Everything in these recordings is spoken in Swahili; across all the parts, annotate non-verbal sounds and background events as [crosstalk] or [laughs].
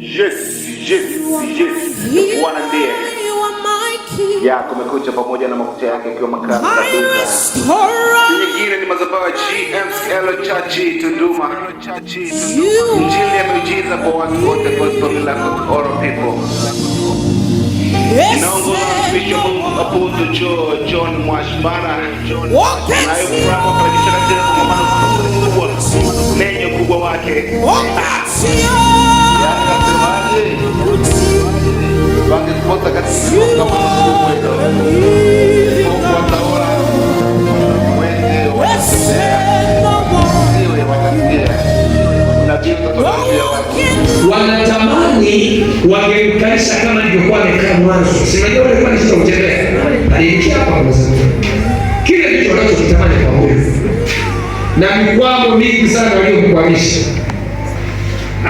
Yes, Ya kumekucha pamoja na mafuta yake akiwa makali ni madhabahu ya GMCL Church Tunduma. Injili ya miujiza kwa watu wote gospel miracle all people. John Mwashbara. kubwa wake. wanatamani wangemkaisha kama nilivyokuwa amekaa mwanzo. Sinajua walikuwa ni shida kutembea, aliingia hapa kwa sababu kile ndicho wanachokitamani kwa huyu, na mikwamo mingi sana waliyokukwamisha.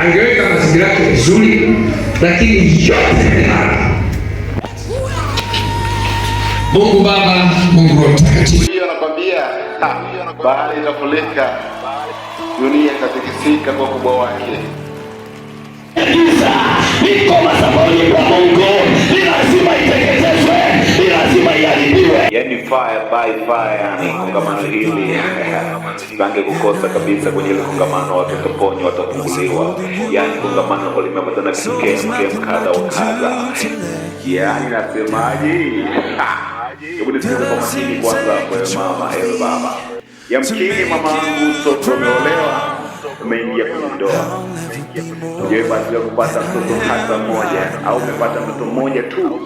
Angeweka mazingira yake vizuri, lakini yote Mungu Baba, Mungu Mtakatifu anakwambia bahari itafurika dunia katikisika kwa ukubwa wake. Giza iko masabani kwa Mungu, ni lazima iteketezwe, ni lazima iharibiwe, yani fire by fire. ni Kongamano hili pange kukosa kabisa kwenye ile kongamano, watatoponywa, watafunguliwa, yani kongamano limepatana kemkem kadha wa kadha, yani nasemaje? [laughs] Hebu nisikize kwa makini kwanza, kwa mama ewe baba ya mama mamangu, mtoto umeolewa, umeingia kwenye ndoa. Je, kupata mtoto hata mmoja au umepata mtoto mmoja tu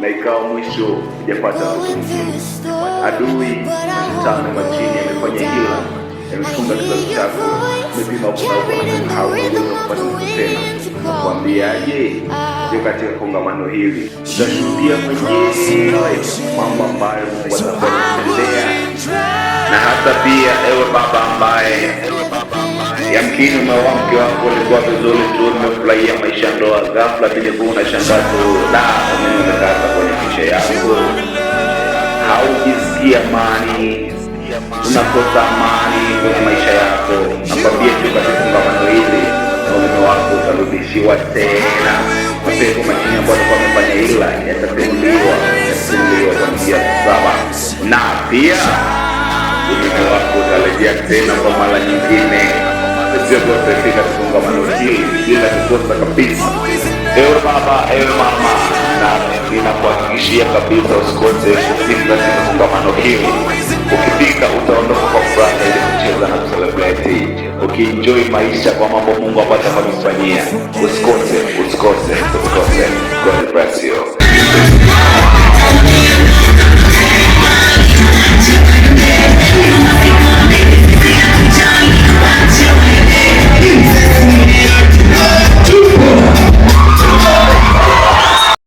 na ikawa mwisho ujapata mtoto mwingine? Adui na shetani wa chini amefanya hila, amefunga kizazi chako Umepima kongamano hao tena nakwambia, je, ah. katika kongamano hili utashuhudia mwenyewe mambo ambayo Mungu na hata pia ewe baba ambaye yamkini umeoa mke wako ulikuwa vizuri tu, umefurahia maisha ndoa, ghafla vile kuwa unashangaa tu la umenionekana kwenye maisha yako haujisikia amani unakosa amani kwenye maisha yako, nakwambia tu katika kongamano hili mume wako utarudishiwa tena. Mapepo machini ambao alikuwa amefanya hila yatatenguliwa, yatatenguliwa kwa njia saba, na pia mume wako utarejea tena kwa mara nyingine. Tutafika kongamano hili bila kukosa kabisa. Ewe baba, ewe mama, na ninakuhakikishia kabisa usikose kufika katika kongamano hili. enjoy maisha kwa mambo Mungu ambayo atakufanyia. Usikose, usikose, usikose. God bless you.